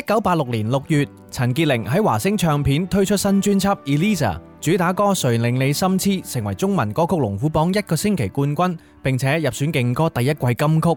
一九八六年六月，陳潔靈喺華星唱片推出新專輯《Eliza》，主打歌《誰令你心癡》成為中文歌曲龍虎榜一個星期冠軍，並且入選勁歌第一季金曲。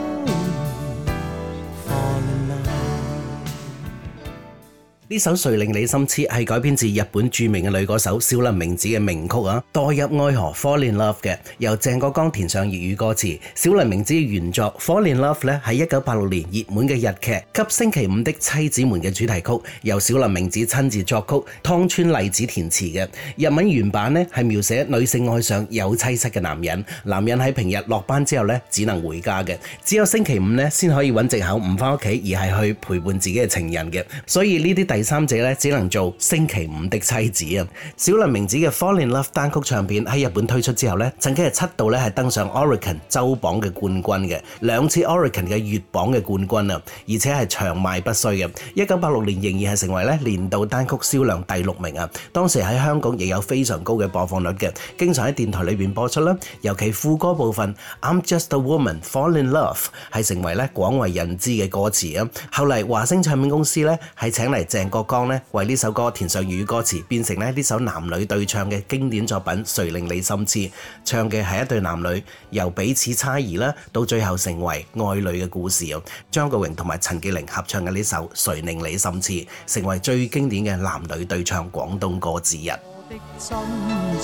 呢首誰令你心痴係改編自日本著名嘅女歌手小林明子嘅名曲啊，墮入愛河 Fall in Love 嘅，由鄭國江填上粵語歌詞。小林明子嘅原作 Fall in Love 呢係一九八六年熱門嘅日劇《給星期五的妻子們》嘅主題曲，由小林明子親自作曲，湯川麗子填詞嘅日文原版呢係描寫女性愛上有妻室嘅男人，男人喺平日落班之後呢只能回家嘅，只有星期五呢先可以揾藉口唔返屋企，而係去陪伴自己嘅情人嘅，所以呢啲第第三者咧只能做星期五的妻子啊！小林明子嘅《Fall in Love》單曲唱片喺日本推出之後咧，曾經係七度咧係登上 Oricon 周榜嘅冠軍嘅，兩次 Oricon 嘅月榜嘅冠軍啊！而且係長賣不衰嘅。一九八六年仍然係成為咧年度單曲銷量第六名啊！當時喺香港亦有非常高嘅播放率嘅，經常喺電台裏邊播出啦。尤其副歌部分《I'm Just a Woman Fall in Love》係成為咧廣為人知嘅歌詞啊！後嚟華星唱片公司咧係請嚟鄭。鄭國江呢，為呢首歌填上粵語歌詞，變成咧呢首男女對唱嘅經典作品《誰令你心痴》。唱嘅係一對男女由彼此猜疑啦，到最後成為愛侶嘅故事。張國榮同埋陳潔靈合唱嘅呢首《誰令你心痴》，成為最經典嘅男女對唱廣東歌之一。你你的但願你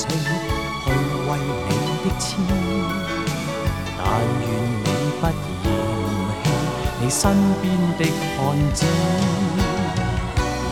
不嫌棄你身邊的漢子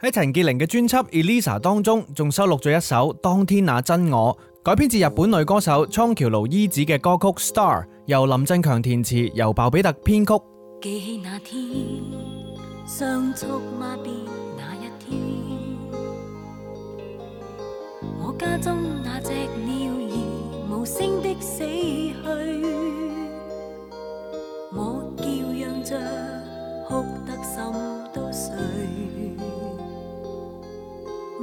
喺陳潔靈嘅專輯《Elisa》當中，仲收錄咗一首《當天那真我》，改編自日本女歌手倉橋路依子嘅歌曲《Star》，由林振強填詞，由鮑比特編曲。記起那天，相觸，馬別那一天，我家中那隻鳥兒，無聲的死去。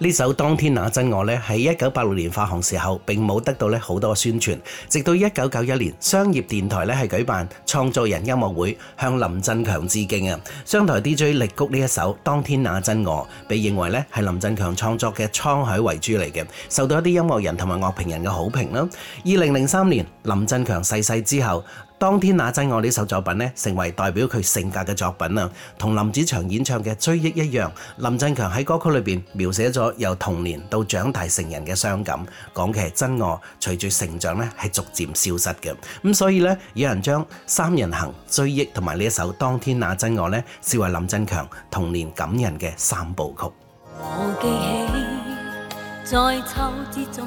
呢首《當天那真我》咧，喺一九八六年發行時候並冇得到咧好多宣傳，直到一九九一年商業電台咧係舉辦創作人音樂會向林振強致敬啊，商台 DJ 力谷呢一首《當天那真我》被認為咧係林振強創作嘅《滄海遺珠》嚟嘅，受到一啲音樂人同埋樂評人嘅好評啦。二零零三年林振強逝世之後，當天那真我呢首作品咧，成為代表佢性格嘅作品啦，同林子祥演唱嘅追憶一樣。林振強喺歌曲裏邊描寫咗由童年到長大成人嘅傷感，講嘅係真我隨住成長咧係逐漸消失嘅。咁所以咧，有人將三人行、追憶同埋呢一首當天那真我咧，視為林振強童年感人嘅三部曲。我記起在秋之中。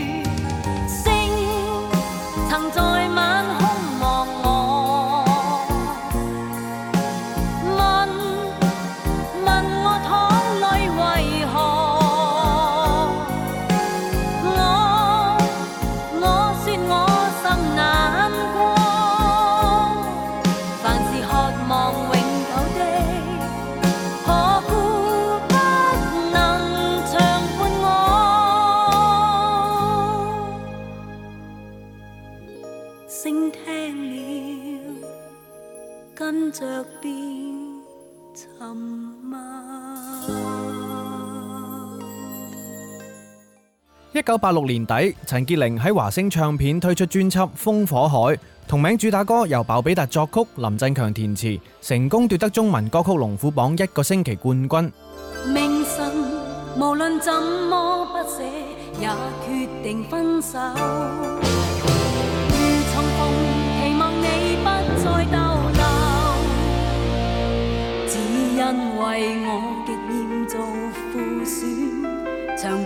一九八六年底，陳潔靈喺華星唱片推出專輯《風火海》，同名主打歌由鮑比達作曲、林振強填詞，成功奪得中文歌曲龍虎榜一個星期冠軍。明晨無論怎麼不捨，也決定分手。如重逢，期望你不再逗留。只因為我極厭做負選，唱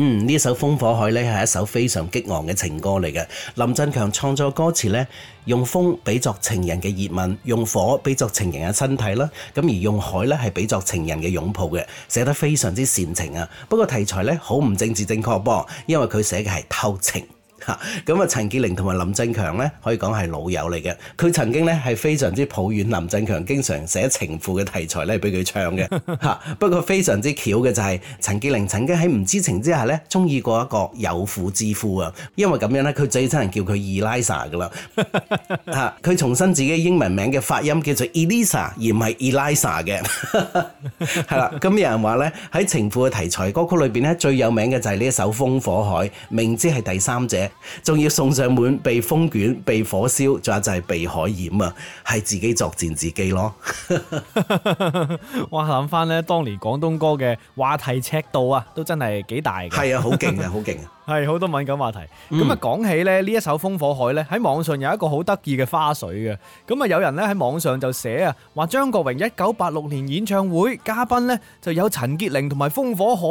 嗯，呢首《風火海》呢，係一首非常激昂嘅情歌嚟嘅。林振強創作歌詞呢，用風比作情人嘅熱吻，用火比作情人嘅身體啦。咁而用海呢，係比作情人嘅擁抱嘅，寫得非常之煽情啊。不過題材呢，好唔政治正確噃，因為佢寫嘅係偷情。咁啊，陳潔靈同埋林振強咧，可以講係老友嚟嘅。佢曾經咧係非常之抱怨林振強經常寫情婦嘅題材咧俾佢唱嘅。 不過非常之巧嘅就係陳潔靈曾經喺唔知情之下咧，中意過一個有婦之夫啊。因為咁樣咧，佢最憎人叫佢 Elsa 噶啦。佢重申自己英文名嘅發音叫做 Elisa，而唔係 Elsa 嘅。係啦，咁有人話咧喺情婦嘅題材歌曲裏面咧，最有名嘅就係呢一首《風火海》，明知係第三者。仲要送上門被風捲、被火燒，仲有就係被海淹啊！係自己作踐自己咯。我諗翻呢當年廣東歌嘅話題尺度啊，都真係幾大嘅。係啊，好勁啊，好勁啊。係好多敏感話題。咁啊，講起咧呢一首《風火海》呢，喺網上有一個好得意嘅花絮嘅。咁啊，有人呢喺網上就寫啊，話張國榮一九八六年演唱會嘉賓呢，就有陳潔靈同埋《風火海》。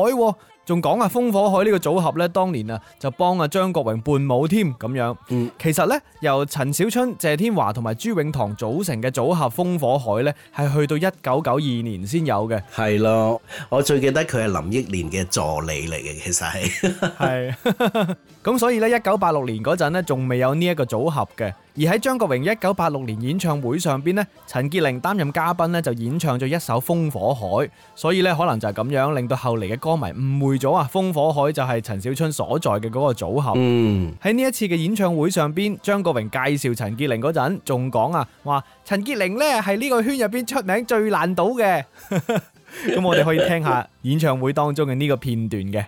仲講啊，風火海呢個組合呢，當年啊就幫阿張國榮伴舞添咁樣。嗯、其實呢，由陳小春、謝天華同埋朱永棠組成嘅組合風火海呢，係去到一九九二年先有嘅。係咯，我最記得佢係林憶蓮嘅助理嚟嘅，其實係。係 是。咁 所以呢，一九八六年嗰陣咧，仲未有呢一個組合嘅。而喺張國榮一九八六年演唱會上邊咧，陳潔靈擔任嘉賓咧，就演唱咗一首《風火海》，所以咧，可能就係咁樣令到後嚟嘅歌迷誤會咗啊，《風火海》就係陳小春所在嘅嗰個組合。嗯，喺呢一次嘅演唱會上邊，張國榮介紹陳潔靈嗰陣仲講啊，話陳潔靈呢係呢個圈入邊出名最難到嘅。咁 我哋可以聽下演唱會當中嘅呢個片段嘅。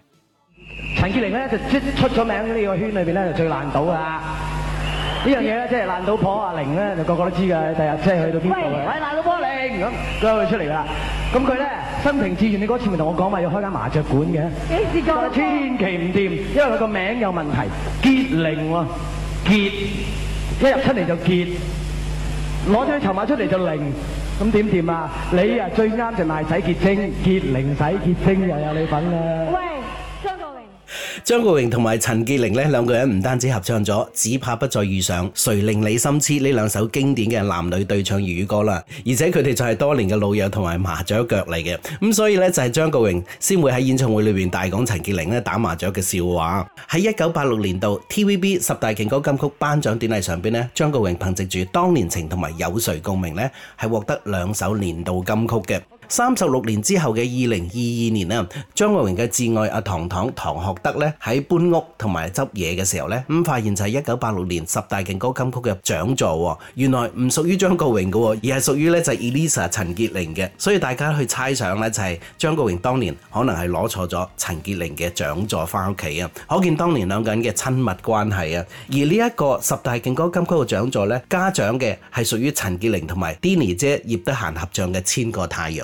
陳潔靈呢就即出咗名呢個圈裏邊呢就最難到噶呢樣嘢咧，即係爛到婆阿玲咧，就個個都知㗎。第日即係去到邊度？喂，係爛到波零咁，佢出嚟㗎啦。咁佢咧心平志願，你嗰次咪同我講話要開間麻雀館嘅？幾時過？千祈唔掂，因為佢個名有問題，潔靈喎潔一入出嚟就潔，攞咗籌碼出嚟就零，咁點掂啊？你啊最啱就賣洗潔精，潔靈洗潔精又有你份喇。喂。張國榮同埋陳潔靈呢，兩個人唔單止合唱咗《只怕不再遇上》《誰令你心痴》呢兩首經典嘅男女對唱粵語歌啦，而且佢哋就係多年嘅老友同埋麻雀腳嚟嘅，咁所以呢，就係張國榮先會喺演唱會裏邊大講陳潔靈呢打麻雀嘅笑話。喺一九八六年度 TVB 十大勁歌金曲頒獎典禮上邊呢，張國榮憑藉住《當年情》同埋《有誰共鳴》呢，係獲得兩首年度金曲嘅。三十六年之後嘅二零二二年啊，張國榮嘅至愛阿唐唐唐鶴德咧，喺搬屋同埋執嘢嘅時候咧，咁發現就係一九八六年十大勁歌金曲嘅獎座，原來唔屬於張國榮嘅，而係屬於咧就係 Elisa 陳潔靈嘅。所以大家去猜想咧，就係、是、張國榮當年可能係攞錯咗陳潔靈嘅獎座返屋企啊！可見當年兩個人嘅親密關係啊。而呢一個十大勁歌金曲嘅獎座咧，家獎嘅係屬於陳潔靈同埋 Denny 姐葉德嫻合唱嘅《千個太陽》。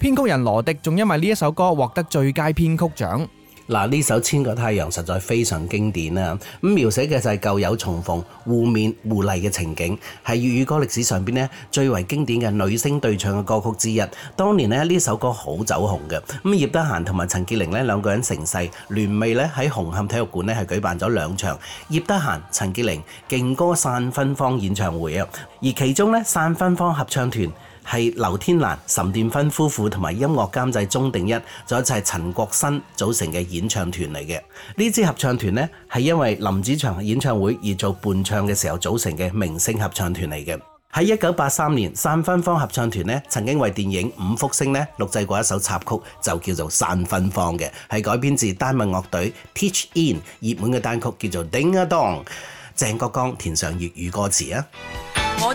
編曲人羅迪仲因為呢一首歌獲得最佳編曲獎。嗱，呢首《千個太陽》實在非常經典啦。咁描寫嘅就係舊友重逢、互勉互勵嘅情景，係粵語歌歷史上邊呢最為經典嘅女聲對唱嘅歌曲之一。當年呢，呢首歌好走紅嘅。咁葉德嫻同埋陳潔靈呢兩個人成世聯袂呢喺紅磡體育館呢係舉辦咗兩場葉德嫻、陳潔靈勁歌散芬芳演唱會啊。而其中呢，散芬芳合唱團。係劉天蘭、岑建勳夫婦同埋音樂監製鍾定一，再一齊陳國新組成嘅演唱團嚟嘅。呢支合唱團呢係因為林子祥演唱會而做伴唱嘅時候組成嘅明星合唱團嚟嘅。喺一九八三年，散芬芳合唱團呢曾經為電影《五福星》呢錄製過一首插曲，就叫做《散芬芳》嘅，係改編自丹麥樂隊 Teach In 熱門嘅單曲，叫做《叮啊當》。鄭國江填上粵語歌詞啊！我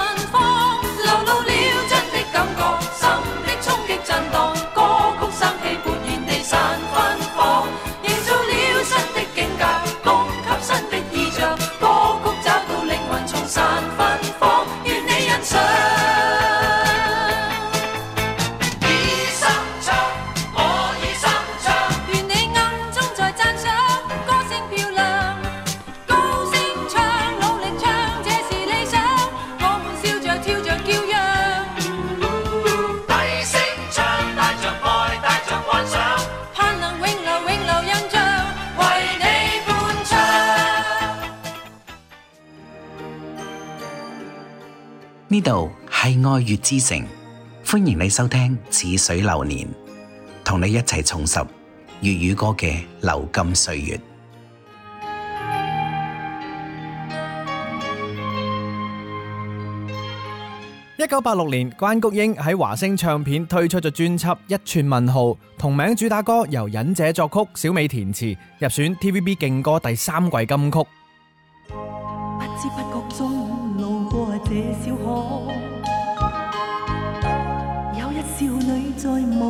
愛粵之城，歡迎你收聽《似水流年》，同你一齊重拾粵語歌嘅流金歲月。一九八六年，關菊英喺華星唱片推出咗專輯《一串問號》，同名主打歌由忍者作曲、小美填詞，入選 TVB 勁歌第三季金曲。不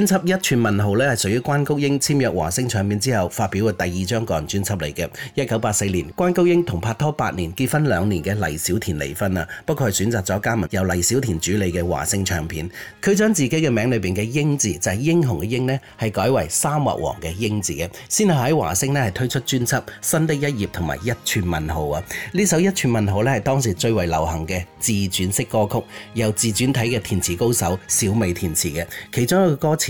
專輯《一串問號》咧係屬於關菊英簽約華星唱片之後發表嘅第二張個人專輯嚟嘅。一九八四年，關菊英同拍拖八年，結婚兩年嘅黎小田離婚啦，不過係選擇咗加盟由黎小田主理嘅華星唱片。佢將自己嘅名裏邊嘅英字就係英雄嘅英呢，係改為沙漠王嘅英字嘅。先後喺華星呢，係推出專輯《新的一頁》同埋《一串問號》啊。呢首《一串問號》呢，係當時最為流行嘅自傳式歌曲，由自傳體嘅填詞高手小美填詞嘅，其中一個歌詞。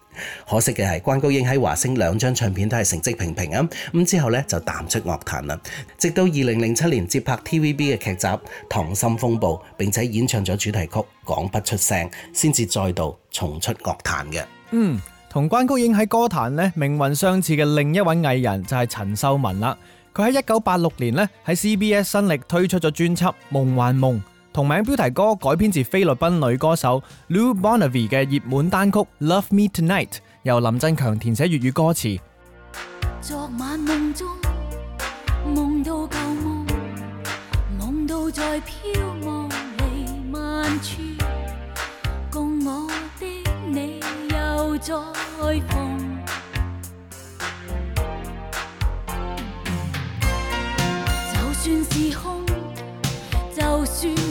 可惜嘅係關菊英喺華星兩張唱片都係成績平平啊，咁之後咧，就淡出樂壇啦。直到二零零七年接拍 TVB 嘅劇集《溏心風暴》，並且演唱咗主題曲《講不出聲》，先至再度重出樂壇嘅。嗯，同關菊英喺歌壇呢，命運相似嘅另一位藝人就係陳秀雯啦。佢喺一九八六年呢，喺 CBS 新力推出咗專輯《夢幻夢》。同名標題歌改編自菲律賓女歌手 Lou Bonavie 嘅熱門單曲《Love Me Tonight》，由林振強填寫粵語歌詞。昨晚夢中夢到舊夢，夢到在飄夢離萬處，共我的你又再逢，就算是空，就算。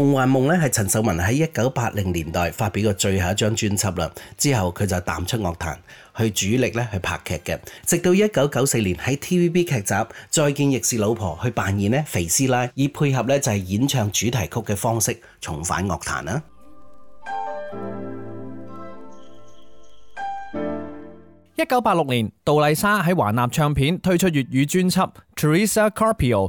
《夢幻夢》咧係陳秀雯喺一九八零年代發表嘅最後一張專輯啦，之後佢就淡出樂壇，去主力咧去拍劇嘅。直到一九九四年喺 TVB 劇集《再見亦是老婆》去扮演咧肥師奶，以配合咧就係演唱主題曲嘅方式重返樂壇啦。一九八六年，杜麗莎喺華納唱片推出粵語專輯《Teresa Carpio》。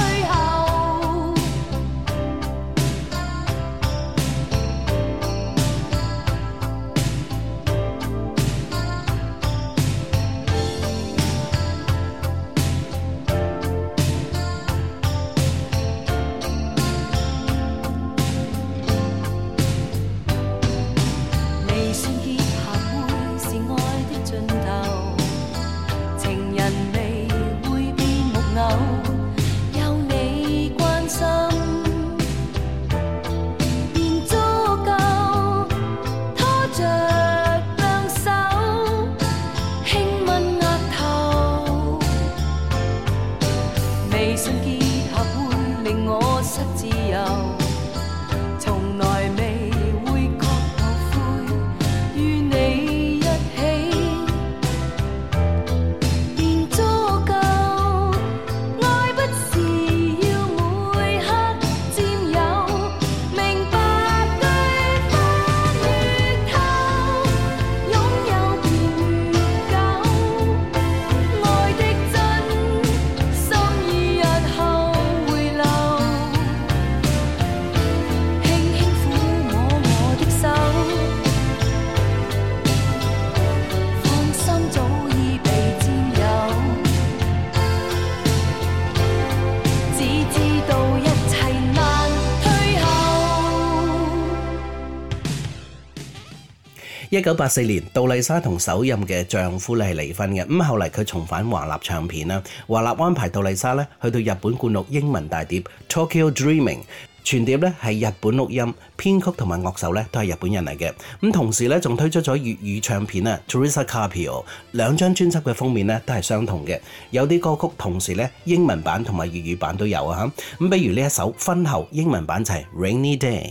一九八四年，杜麗莎同首任嘅丈夫咧係離婚嘅。咁後嚟佢重返華納唱片啦，華納安排杜麗莎咧去到日本灌錄英文大碟《Tokyo Dreaming》，全碟咧係日本錄音，編曲同埋樂手咧都係日本人嚟嘅。咁同時咧仲推出咗粵語唱片啊，《Teresa Carpio》兩張專輯嘅封面咧都係相同嘅。有啲歌曲同時咧英文版同埋粵語版都有啊。嚇，咁比如呢一首《婚後》，英文版就係《Rainy Day》。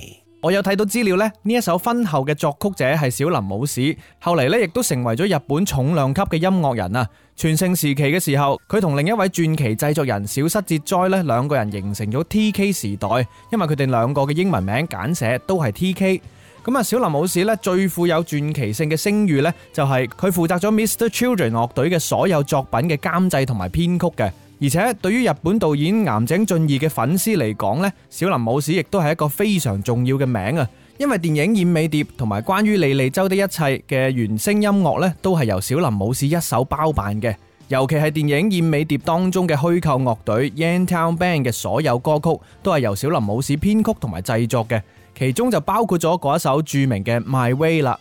我有睇到資料呢。呢一首婚後嘅作曲者係小林武史，後嚟呢亦都成為咗日本重量級嘅音樂人啊！全盛時期嘅時候，佢同另一位傳奇製作人小室哲哉呢兩個人形成咗 TK 時代，因為佢哋兩個嘅英文名簡寫都係 TK。咁啊，小林武史呢最富有傳奇性嘅聲譽呢，就係佢負責咗 Mr.Children 樂隊嘅所有作品嘅監製同埋編曲嘅。而且對於日本導演岩井俊二嘅粉絲嚟講呢，小林武史亦都係一個非常重要嘅名啊。因為電影《燕尾蝶》同埋關於莉莉周的一切嘅原聲音樂呢，都係由小林武史一手包辦嘅。尤其係電影《燕尾蝶》當中嘅虛構樂隊 Yen Town Band 嘅所有歌曲，都係由小林武史編曲同埋製作嘅，其中就包括咗嗰一首著名嘅《My Way》啦。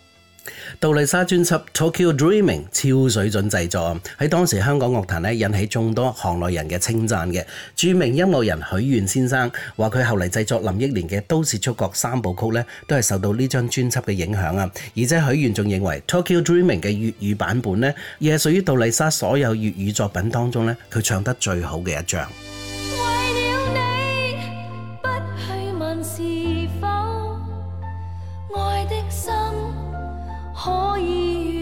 杜麗莎專輯《Tokyo Dreaming》超水準製作，喺當時香港樂壇咧引起眾多行內人嘅稱讚嘅。著名音樂人許願先生話佢後嚟製作林憶蓮嘅《都市觸覺》三部曲咧，都係受到呢張專輯嘅影響啊！而且許願仲認為《Tokyo Dreaming》嘅粵語版本咧，亦係屬於杜麗莎所有粵語作品當中咧，佢唱得最好嘅一張。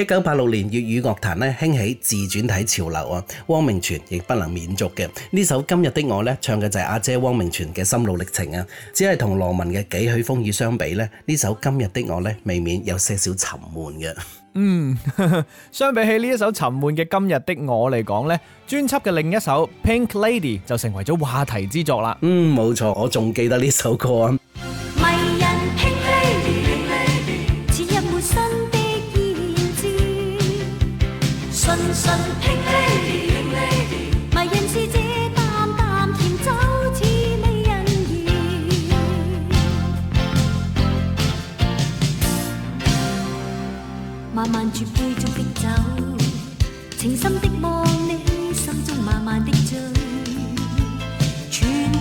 一九八六年粵語樂壇咧興起自傳體潮流啊，汪明荃亦不能免俗嘅。呢首《今日的我》咧，唱嘅就係阿姐汪明荃嘅心路歷程啊。只係同羅文嘅幾許風雨相比咧，呢首《今日的我》咧，未免有些少沉悶嘅、嗯。嗯，相比起呢一首沉悶嘅《今日的我》嚟講咧，專輯嘅另一首《Pink Lady》就成為咗話題之作啦。嗯，冇錯，我仲記得呢首歌啊。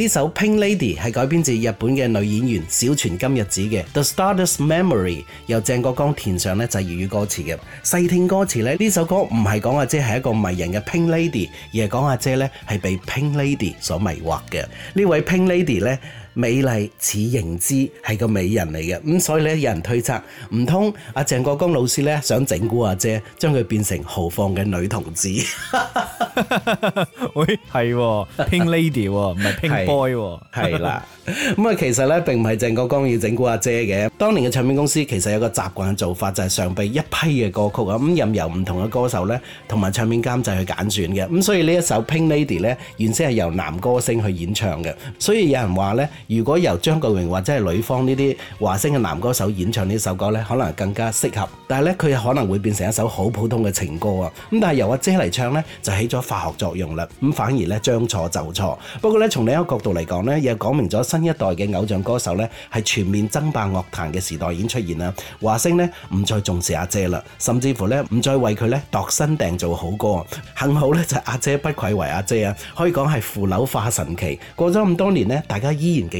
呢首 Pink Lady 係改編自日本嘅女演員小泉今日子嘅 The Stardust Memory，由鄭國江填上咧就係粵語歌詞嘅。細聽歌詞咧，呢首歌唔係講阿姐係一個迷人嘅 Pink Lady，而係講阿姐咧係被 Pink Lady 所迷惑嘅。呢位 Pink Lady 咧。美麗似凝脂係個美人嚟嘅，咁、嗯、所以咧有人推測唔通阿鄭國江老師咧想整蠱阿姐，將佢變成豪放嘅女同志。喂， 係 pink lady 喎，唔係 pink boy 喎，係 啦。咁啊、嗯，其實咧並唔係鄭國江要整蠱阿姐嘅。當年嘅唱片公司其實有個習慣做法，就係、是、上備一批嘅歌曲啊，咁任由唔同嘅歌手咧同埋唱片監製去揀選嘅。咁所以呢一首 pink lady 咧，原先係由男歌星去演唱嘅，所以有人話咧。如果由張國榮或者係女方呢啲華星嘅男歌手演唱呢首歌呢可能更加適合。但係呢，佢可能會變成一首好普通嘅情歌啊！咁但係由阿姐嚟唱呢，就起咗化學作用啦。咁反而呢，將錯就錯。不過呢，從另一個角度嚟講呢，又講明咗新一代嘅偶像歌手呢，係全面爭霸樂壇嘅時代已經出現啦。華星呢，唔再重視阿姐啦，甚至乎呢，唔再為佢呢度身訂造好歌。幸好呢，就係阿姐不愧為阿姐啊，可以講係腐朽化神奇。過咗咁多年呢，大家依然記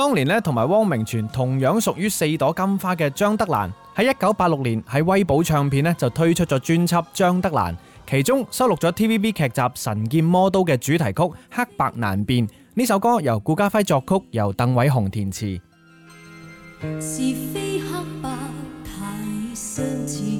當年咧，同埋汪明荃同樣屬於四朵金花嘅張德蘭，喺一九八六年喺威寶唱片咧就推出咗專輯《張德蘭》，其中收錄咗 TVB 劇集《神劍魔刀》嘅主題曲《黑白難辨》，呢首歌由顧家輝作曲，由鄧偉雄填詞。是非黑白太相似。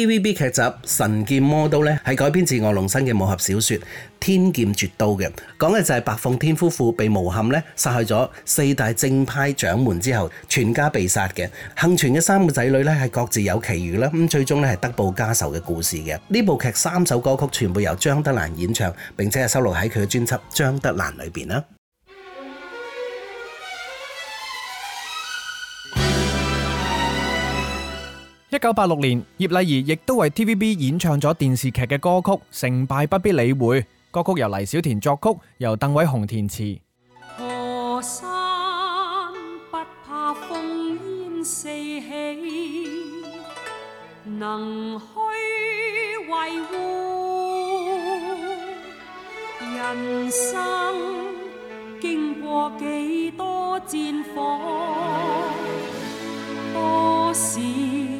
TVB 劇集《神劍魔刀》咧係改編自臥龍生嘅武俠小說《天劍絕刀》嘅，講嘅就係白鳳天夫婦被誣陷咧殺害咗四大正派掌門之後，全家被殺嘅，幸存嘅三個仔女咧係各自有奇遇啦，咁最終咧係得報家仇嘅故事嘅。呢部劇三首歌曲全部由張德蘭演唱，並且係收錄喺佢嘅專輯《張德蘭》裏邊啦。一九八六年，葉麗儀亦都為 TVB 演唱咗電視劇嘅歌曲《成敗不必理會》，歌曲由黎小田作曲，由鄧偉雄填詞。河山不怕烽煙四起，能虛為護，人生經過幾多戰火多時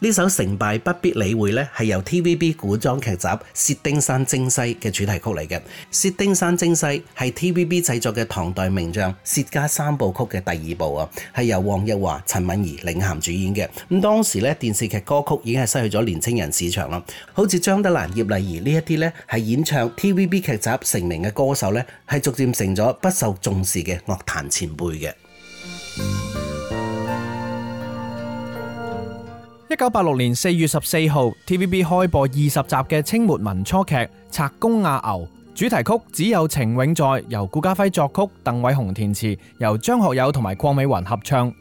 呢首成敗不必理會呢，係由 TVB 古裝劇集集《薛丁山征西》嘅主題曲嚟嘅。《薛丁山征西》係 TVB 製作嘅唐代名將薛家三部曲嘅第二部啊，係由黃日華、陳敏兒領銜主演嘅。咁當時呢，電視劇歌曲已經係失去咗年輕人市場咯，好似張德蘭、葉麗儀呢一啲呢，係演唱 TVB 劇集集成名嘅歌手呢，係逐漸成咗不受重視嘅樂壇前輩嘅。一九八六年四月十四號，TVB 開播二十集嘅清末民初劇《賊公阿牛》，主題曲《只有情永在》由顧嘉輝作曲，鄧偉雄填詞，由張學友同埋鄺美雲合唱。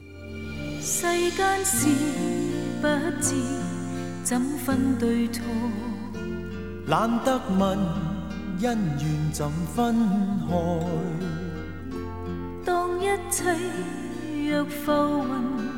世間事不知怎分對錯，懶得問因緣怎分開。當一切若浮雲。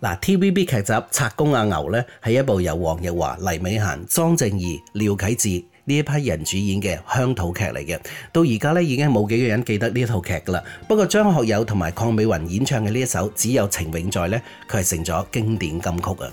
嗱，TVB 劇集《賊公阿牛》咧係一部由黃日華、黎美嫻、莊靜怡、廖啟智呢一批人主演嘅鄉土劇嚟嘅。到而家咧已經冇幾個人記得呢套劇噶啦。不過張學友同埋鄺美雲演唱嘅呢一首《只有情永在》呢，佢係成咗經典金曲啊！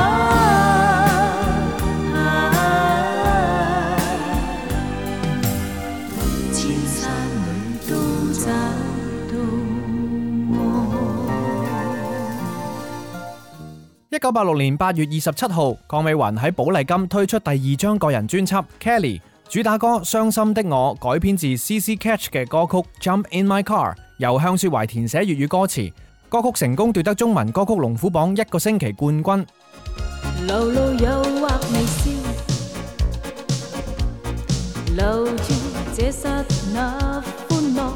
一九八六年八月二十七號，鄺美雲喺寶麗金推出第二張個人專輯《Kelly》，主打歌《傷心的我》改編自 C.C.Catch 嘅歌曲《Jump In My Car》，由向雪懷填寫粵語歌詞，歌曲成功奪得中文歌曲龍虎榜一個星期冠軍。流露誘惑笑，留住這剎那歡樂，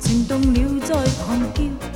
情動了在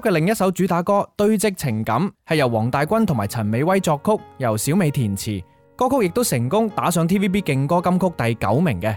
嘅另一首主打歌《堆積情感》係由黃大軍同埋陳美威作曲，由小美填詞，歌曲亦都成功打上 TVB 勁歌金曲第九名嘅。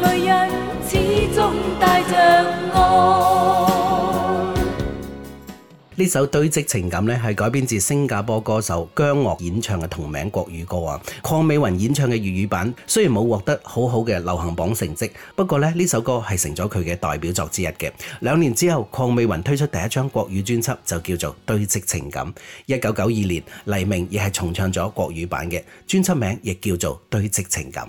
着呢首《堆積情感》呢，係改編自新加坡歌手姜樂演唱嘅同名國語歌啊。鄺美雲演唱嘅粵語版雖然冇獲得好好嘅流行榜成績，不過咧呢首歌係成咗佢嘅代表作之一嘅。兩年之後，鄺美雲推出第一張國語專輯，就叫做《堆積情感》。一九九二年，黎明亦係重唱咗國語版嘅，專輯名亦叫做《堆積情感》。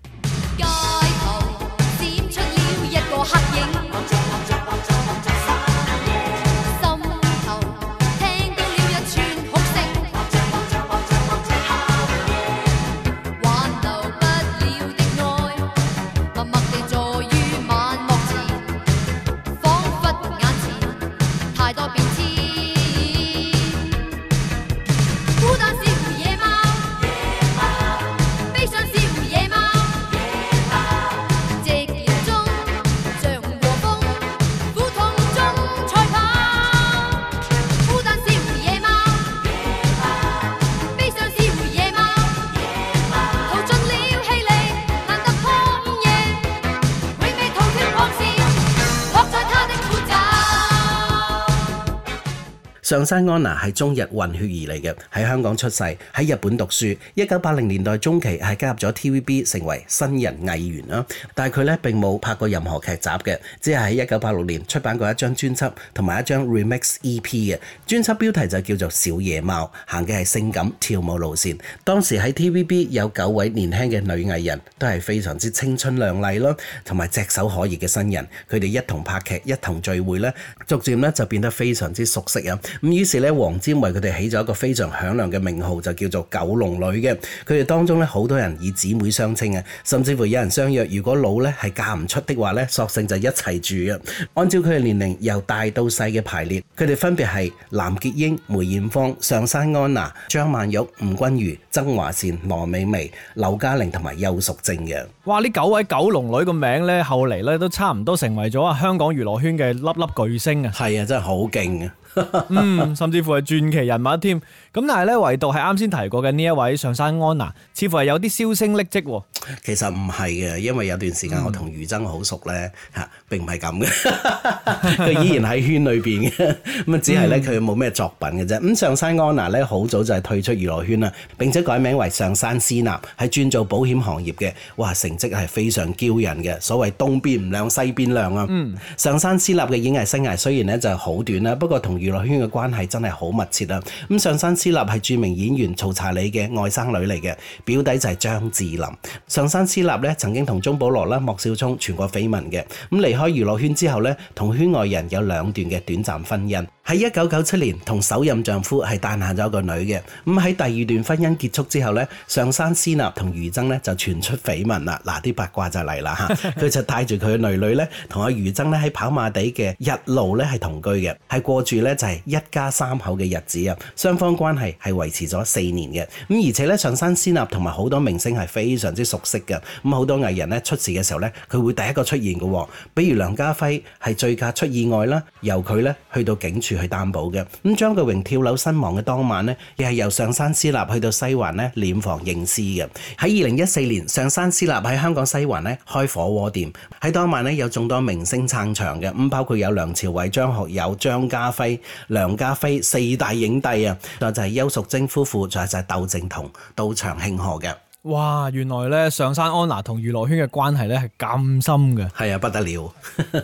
上山安娜係中日混血而嚟嘅，喺香港出世，喺日本讀書。一九八零年代中期係加入咗 TVB，成為新人藝員啦。但係佢咧並冇拍過任何劇集嘅，只係喺一九八六年出版過一張專輯同埋一張 remix EP 嘅。專輯標題就叫做《小野貓》，行嘅係性感跳舞路線。當時喺 TVB 有九位年輕嘅女藝人，都係非常之青春靚麗啦，同埋炙手可熱嘅新人。佢哋一同拍劇，一同聚會咧，逐漸咧就變得非常之熟悉啊。於是咧，黃沾為佢哋起咗一個非常響亮嘅名號，就叫做《九龍女》嘅。佢哋當中咧，好多人以姊妹相稱啊，甚至乎有人相約，如果老咧係嫁唔出的話咧，索性就一齊住啊。按照佢嘅年齡由大到細嘅排列，佢哋分別係藍潔瑛、梅艷芳、上山安娜、張曼玉、吳君如、曾華倩、羅美薇、劉嘉玲同埋邱淑貞嘅哇！呢九位九龍女嘅名咧，後嚟咧都差唔多成為咗啊香港娛樂圈嘅粒粒巨星啊！係啊，真係好勁啊！ 嗯，甚至乎係傳奇人物添。咁但係咧，唯獨係啱先提過嘅呢一位上山安娜，似乎係有啲銷聲匿跡。其實唔係嘅，因為有段時間我同余真好熟咧，吓、嗯、並唔係咁嘅，佢 依然喺圈裏邊嘅。咁啊，只係咧佢冇咩作品嘅啫。咁上山安娜咧，好早就係退出娛樂圈啦，並且改名為上山施納，係專做保險行業嘅。哇，成績係非常驕人嘅。所謂東邊唔亮西邊亮啊！嗯、上山施納嘅演藝生涯雖然咧就係好短啦，不過同娛樂圈嘅關係真係好密切啦。咁上山。施立係著名演員曹查理嘅外甥女嚟嘅，表弟就係張智霖。上山施立咧，曾經同鍾保羅啦、莫少聰傳過緋聞嘅。咁離開娛樂圈之後咧，同圈外人有兩段嘅短暫婚姻。喺一九九七年同首任丈夫係誕下咗個女嘅。咁喺第二段婚姻結束之後咧，上山施立同余爭咧就傳出緋聞啦。嗱，啲八卦就嚟啦吓，佢就帶住佢嘅囡囡咧，同阿余爭咧喺跑馬地嘅日路咧係同居嘅，係過住咧就係一家三口嘅日子啊。雙方關。關係係維持咗四年嘅，咁而且咧，上山安娜同埋好多明星係非常之熟悉嘅，咁好多藝人咧出事嘅時候咧，佢會第一個出現嘅喎。比如梁家輝係醉駕出意外啦，由佢咧去到警署去擔保嘅。咁張國榮跳樓身亡嘅當晚咧，亦係由上山安娜去到西環咧殮房認屍嘅。喺二零一四年，上山安娜喺香港西環咧開火鍋店，喺當晚咧有眾多明星撐場嘅，咁包括有梁朝偉、張學友、張家輝、梁家輝四大影帝啊。係邱淑貞夫婦，就係就係竇靖童到場慶賀嘅。哇，原來咧上山安娜同娛樂圈嘅關係咧係咁深嘅。係啊，不得了。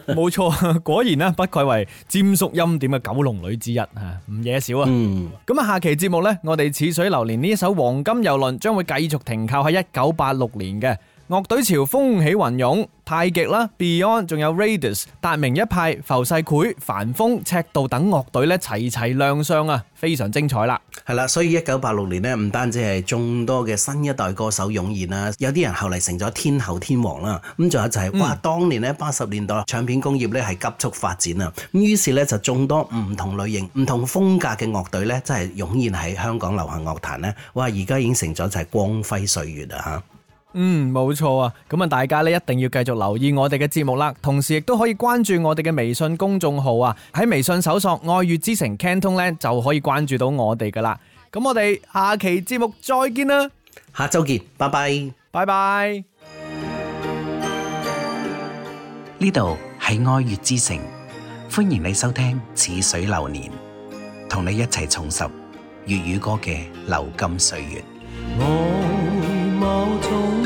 冇 錯，果然呢，不愧為占叔欽點嘅九龍女之一吓，唔夜少啊。咁啊、嗯，下期節目呢，我哋《似水流年》呢一首《黃金遊輪》將會繼續停靠喺一九八六年嘅。樂隊潮風起雲湧，太極啦、Beyond 仲有 Radius 達明一派、浮世繪、凡風、赤道等樂隊咧齊齊亮相啊，非常精彩啦！係啦，所以一九八六年呢，唔單止係眾多嘅新一代歌手湧現啦，有啲人後嚟成咗天后天王啦。咁仲有就係、是、哇，嗯、當年呢，八十年代唱片工業咧係急速發展啊，咁於是咧就眾多唔同類型、唔同風格嘅樂隊咧，真係湧現喺香港流行樂壇咧。哇，而家已經成咗就係光輝歲月啊！吓。嗯，冇錯啊！咁啊，大家呢，一定要繼續留意我哋嘅節目啦，同時亦都可以關注我哋嘅微信公眾號啊，喺微信搜索愛粵之城 Canton 咧就可以關注到我哋㗎喇。咁我哋下期節目再見啦，下周見，拜拜，拜拜 bye。呢度係愛粵之城，歡迎你收聽《似水流年》，同你一齊重拾粵語歌嘅流金歲月。我某種。